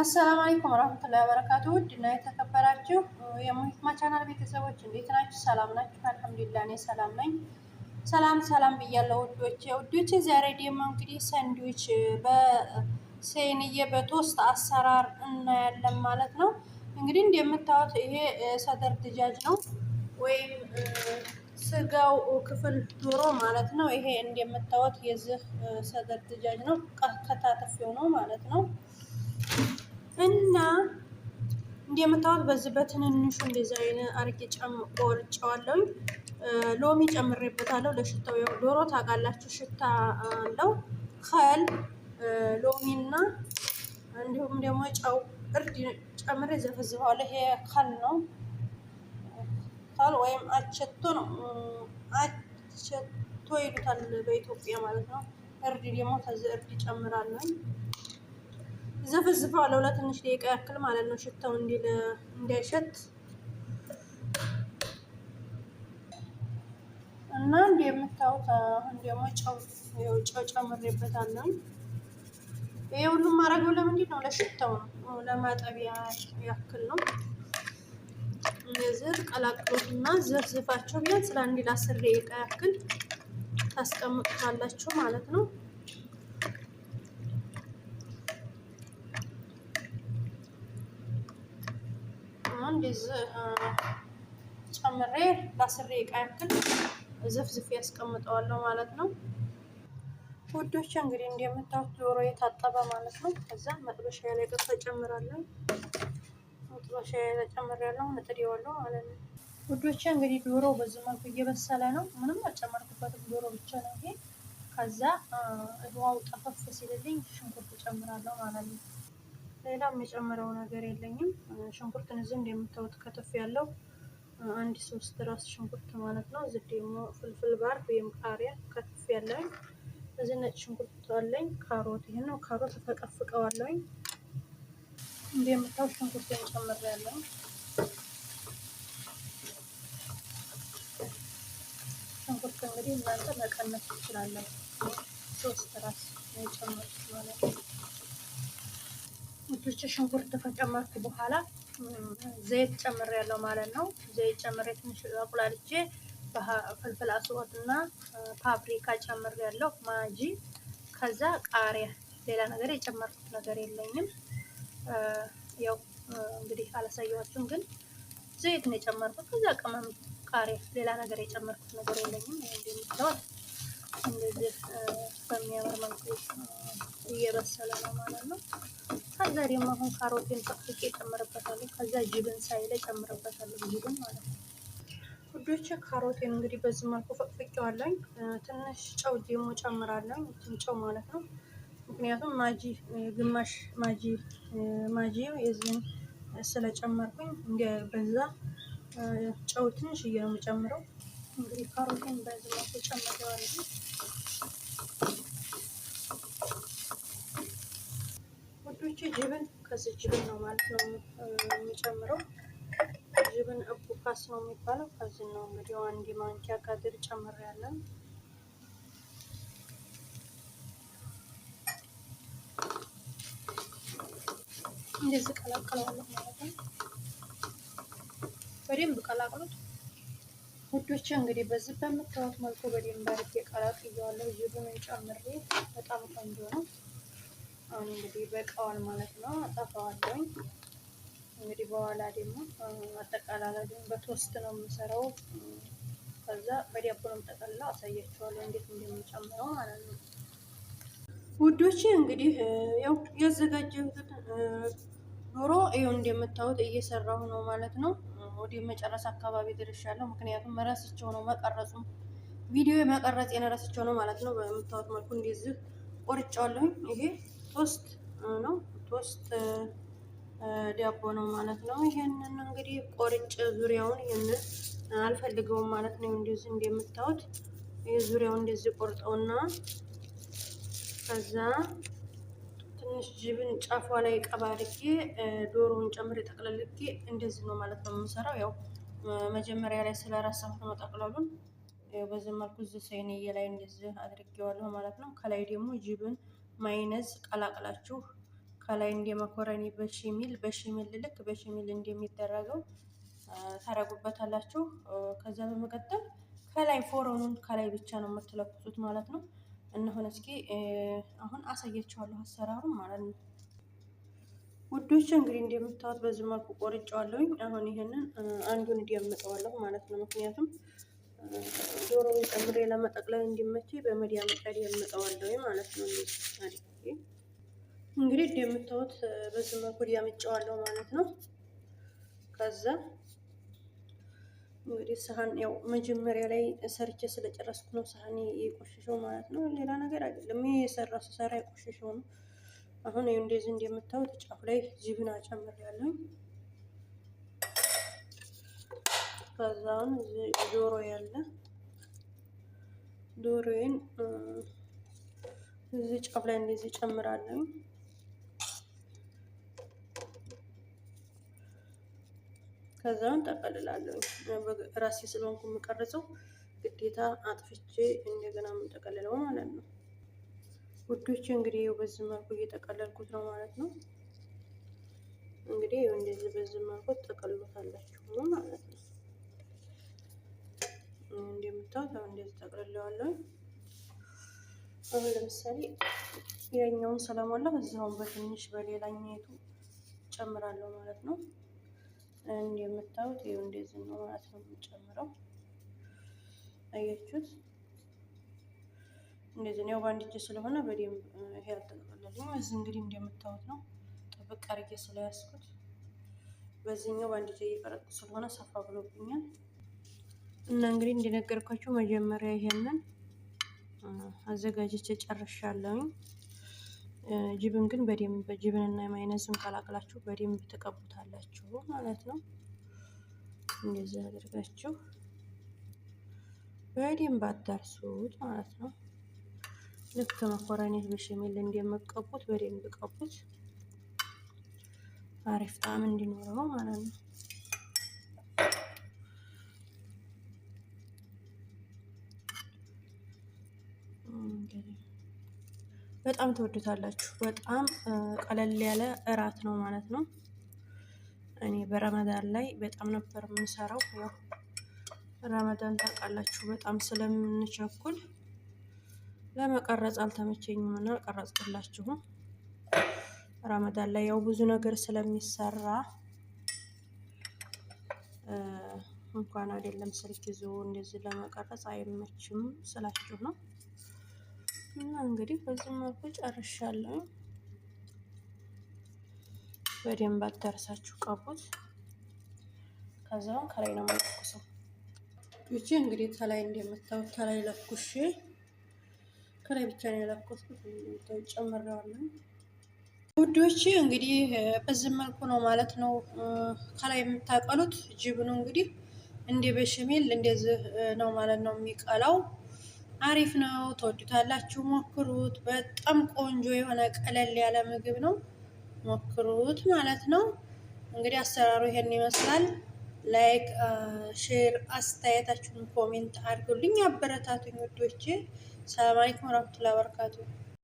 አሰላም አለይኩም ወራህመቱላሂ ወበረካቱ። ውድና የተከበራችሁ የሙሂትማ ቻናል ቤተሰቦች እንዴት ናችሁ? ሰላም ናችሁ? አልሐምዱሊላህ እኔ ሰላም ነኝ። ሰላም ሰላም ብያለሁ ውዶቼ። ውዶቼ ዛሬ ደግሞ እንግዲህ ሳንድዊች በሴንዬ በቶስት አሰራር እናያለን ማለት ነው። እንግዲህ እንደምታዩት ይሄ ሰደር ድጃጅ ነው ወይም ስጋው ክፍል ዶሮ ማለት ነው። ይሄ እንደምታዩት የዚህ ሰደር ድጃጅ ነው። ከታተፊው ነው ማለት ነው። እና እንደምታወት በዚህ በትንንሹ ዲዛይን አርጌ ቆርጬዋለሁ። ሎሚ ጨምሬበታለሁ ለሽታው። ዶሮ ታውቃላችሁ ሽታ አለው። ከል ሎሚና እንዲሁም ደግሞ ጨው እርድ ጨምሬ ዘፈዝፈዋለሁ። ይሄ ከል ነው። ከል ወይም አቸቶ ነው። አቸቶ ይሉታል በኢትዮጵያ ማለት ነው። እርድ ደግሞ ከዚህ እርድ ጨምራለሁ። ዘፈዝፈዋለሁ ለትንሽ ደቂቃ ያክል ማለት ነው፣ ሽታው እንዲል እንዳይሸት እና እንዲ የምታዩት አሁን ደግሞ ጨው ጨው ጨምሬበታለሁ። ይሄ ሁሉም ማድረገው ለምንድን ነው? ለሽታው ነው፣ ለማጠቢያ ያክል ነው። እንደዚህ ቀላቅሎትና ዘፍዝፋቸው ቢያንስ ለአንድ ለአስር ደቂቃ ያክል ታስቀምጡታላችሁ ማለት ነው። እንደዚህ ጨምሬ ለአስር ደቂቃ ያክል ዝፍዝፍ ያስቀምጠዋለሁ ማለት ነው። ውዶች እንግዲህ እንደምታዩት ዶሮ የታጠበ ማለት ነው። ከዛ መጥበሻ ላይ ቅርጽ ጨምራለሁ። መጥበሻ ላይ ጨምሬያለሁ፣ ነጥሬዋለሁ ማለት ነው። ውዶች እንግዲህ ዶሮ በዚህ መልኩ እየበሰለ ነው። ምንም አልጨመርኩበትም፣ ዶሮ ብቻ ነው ይሄ። ከዛ ውሃው ጠፈፍ ሲልልኝ ሽንኩርት ጨምራለሁ ማለት ነው። ሌላ የጨምረው ነገር የለኝም። ሽንኩርትን እዚህ እንደምታዩት ከተፍ ያለው አንድ ሶስት ራስ ሽንኩርት ማለት ነው። እዚህ ደግሞ ፍልፍል ባር ወይም ቃሪያ ከተፍ ያለኝ እዚህ ነጭ ሽንኩርት አለኝ። ካሮት ይሄ ነው። ካሮት ተቀፍቀዋለኝ እንደምታዩት ሽንኩርት ጨምር ያለኝ ሽንኩርት እንግዲህ እናንተ መቀነስ ትችላለን። ሶስት ራስ ነው ማለት ነው። ውዶች ሽንኩርት ከጨመርኩ በኋላ ዘይት ጨምር ያለው ማለት ነው። ዘይት ጨምሬ ትንሽ አቁላልቼ ፍልፍል አስወት እና ፓፕሪካ ጨምር ያለው ማጂ፣ ከዛ ቃሪያ። ሌላ ነገር የጨመርኩት ነገር የለኝም። ያው እንግዲህ አላሳየኋችሁም፣ ግን ዘይት ነው የጨመርኩት። ከዛ ቅመም፣ ቃሪያ። ሌላ ነገር የጨመርኩት ነገር የለኝም። እንደሚታወቅ እንደዚህ በሚያምር መልኩ እየበሰለ ነው ማለት ነው። ከዛ ደግሞ አሁን ካሮቴን ጠቅጥቄ ጨምርበታለሁ። ከዛ ጅብን ሳይለ ጨምርበታለሁ። ጅብን ማለት ነው ውዶቼ። ካሮቴን እንግዲህ በዚህ መልኩ ፈቅፍቄዋለኝ። ትንሽ ጨው ደግሞ ጨምራለሁ። እንትን ጨው ማለት ነው። ምክንያቱም ማጂ ግማሽ ማጂ ማጂ የዚህን ስለጨመርኩኝ በዛ ጨው ትንሽ እየነው የምጨምረው። እንግዲህ ካሮቴን በዚህ መልኩ ጨምሬዋለሁ። ውዶች ጅብን ከዚህ ጅብን ነው ማለት ነው የሚጨምረው። ጅብን እቡካስ ነው የሚባለው። ከዚህ ነው እንግዲህ አንድ ማንኪያ ጋድር ጨምር ያለን እንደዚህ ቀላቅለዋለሁ ማለት ነው። በደንብ ቀላቅሉት ውዶች። እንግዲህ በዚህ በምታዩት መልኩ በደንብ አድርጌ ቀላቅየዋለሁ። ጅብን ጨምሬ በጣም ቆንጆ ነው። አሁን እንግዲህ በቃዋል ማለት ነው። አጠፋዋለሁኝ እንግዲህ በኋላ ደግሞ አጠቃላላ በቶስት ነው የምሰራው። ከዛ በዳቦ ነው ጠቀላ አሳያቸዋለሁ እንዴት እንደሚጨምረው ማለት ነው። ውዶች እንግዲህ ያው ያዘጋጀሁትን ዶሮ ይኸው እንደምታዩት እየሰራሁ ነው ማለት ነው። ወደ መጨረስ አካባቢ ደርሻለሁ። ምክንያቱም ረስቸው ነው መቀረጹ ቪዲዮ የመቀረጽ የነረስቸው ነው ማለት ነው። በምታዩት መልኩ እንደዚህ ቆርጫለሁኝ ይሄ ሶስት ነው ሶስት ዳቦ ነው ማለት ነው። ይሄንን እንግዲህ ቆርጭ ዙሪያውን ይሄንን አልፈልገውም ማለት ነው። እንደዚህ እንደምታዩት የዙሪያውን እንደዚህ ቆርጠውና ከዛ ትንሽ ጅብን ጫፏ ላይ ቀባርጌ ዶሮውን ጨምሬ ጠቅለልጌ እንደዚህ ነው ማለት ነው የምሰራው። ያው መጀመሪያ ላይ ስለ ራሳሁት ነው ጠቅለሉን። በዚህ መልኩ እዚህ ሰይንዬ ላይ እንደዚህ አድርጌዋለሁ ማለት ነው። ከላይ ደግሞ ጅብን ማይነዝ ቀላቅላችሁ ከላይ እንደ መኮረኒ በሽሚል በሽሚል ልክ በሽሚል እንደሚደረገው ታረጉበታላችሁ። ከዛ በመቀጠል ከላይ ፎረኑን ከላይ ብቻ ነው የምትለኩሱት ማለት ነው። እነሆን እስኪ አሁን አሳያችኋለሁ አሰራሩን ማለት ነው። ውዶች እንግዲህ እንደምታዩት በዚህ መልኩ ቆርጫዋለሁኝ። አሁን ይሄንን አንዱን እንዲያመጣዋለሁ ማለት ነው ምክንያቱም ዶሮ ጨምሬ ለመጠቅለል እንዲመቼ በመዲያ መጫድ የምጠዋለው ማለት ነው። እንግዲህ እንደምታዩት በዚህ መልኩ ዲያምጫዋለሁ ማለት ነው። ከዛ እንግዲህ ሰሃን ያው መጀመሪያ ላይ ሰርቼ ስለጨረስኩ ነው ሰሃን የቆሸሸው ማለት ነው። ሌላ ነገር አይደለም። ይሄ የሰራ ስሰራ የቆሸሸው ነው። አሁን እንደዚህ እንደምታዩት ጫፍ ላይ ጅብና ጨምሬያለሁ። ከዛም ዶሮ ያለ ዶሮዬን እዚህ ጫፍ ላይ እንደዚህ ጨምራለሁ። ከዛም ጠቀልላለሁ። ራሴ ስለሆንኩ የምቀርጸው ግዴታ አጥፍቼ እንደገና የምንጠቀልለው ማለት ነው። ውዶች እንግዲህ በዚህ መልኩ እየጠቀለልኩት ነው ማለት ነው። እንግዲህ እንደዚህ በዚህ መልኩ ጠቀልሎታላችሁ ማለት ነው። እንደምታዩት አሁን እንደዚህ ጠቅልለዋለሁ። አሁን ለምሳሌ ያኛውን ስለሞላ በዛውን በትንሽ በሌላኛቱ ጨምራለሁ ማለት ነው። እንደምታዩት ይኸው እንደዚህ ነው ማለት ነው የምንጨምረው። አያችሁት? እንደዚህ ነው። በአንድ እጅ ስለሆነ በደንብ ይሄ አልተጠቀለለም። እዚህ እንግዲህ እንደምታዩት ነው ጥብቅ አድርጌ ስለያዝኩት በዚህኛው በአንድ እጅ እየቀረጥኩ ስለሆነ ሰፋ ብሎብኛል። እና እንግዲህ እንደነገርኳችሁ መጀመሪያ ይሄንን አዘጋጅቼ ጨርሻለሁኝ። ጅብን ግን በደንብ ጅብንና የማይነዝን ቀላቅላችሁ በደንብ ተቀቡታላችሁ ማለት ነው። እንደዚህ አድርጋችሁ በደንብ አዳርሱት ማለት ነው። ልክ መኮረኒ በሸሜል እንደምቀቡት በደንብ ቀቡት፣ አሪፍ ጣዕም እንዲኖረው ማለት ነው። በጣም ትወዱታላችሁ። በጣም ቀለል ያለ እራት ነው ማለት ነው። እኔ በረመዳን ላይ በጣም ነበር የምንሰራው ያው ረመዳን ታውቃላችሁ፣ በጣም ስለምንቸኩል ለመቀረጽ አልተመቸኝም እና አልቀረጽኩላችሁም። ረመዳን ላይ ያው ብዙ ነገር ስለሚሰራ እንኳን አይደለም ስልክ ይዞ እንደዚህ ለመቀረጽ አይመችም ስላችሁ ነው። እና እንግዲህ በዚህ መልኩ ጨርሻለሁ። በደንብ አዳርሳችሁ ቀቡት። ከዛውን ከላይ ነው የምለኩሰው። ይቺ እንግዲህ ተላይ እንደምታዩት ተላይ ለኩሼ ከላይ ብቻ ነው የለኩስኩት። እንደምታዩት ውዶች እንግዲህ በዚህ መልኩ ነው ማለት ነው ከላይ የምታቀሉት። ጅብኑ እንግዲህ እንደ በሸሜል እንደዚህ ነው ማለት ነው የሚቀላው። አሪፍ ነው። ተወዱታላችሁ፣ ሞክሩት። በጣም ቆንጆ የሆነ ቀለል ያለ ምግብ ነው። ሞክሩት ማለት ነው። እንግዲህ አሰራሩ ይሄን ይመስላል። ላይክ፣ ሼር፣ አስተያየታችሁን ኮሜንት አድርጉልኝ፣ አበረታቱኝ ውዶቼ። ሰላም አለይኩም ወራህመቱላሂ ወበረካቱ።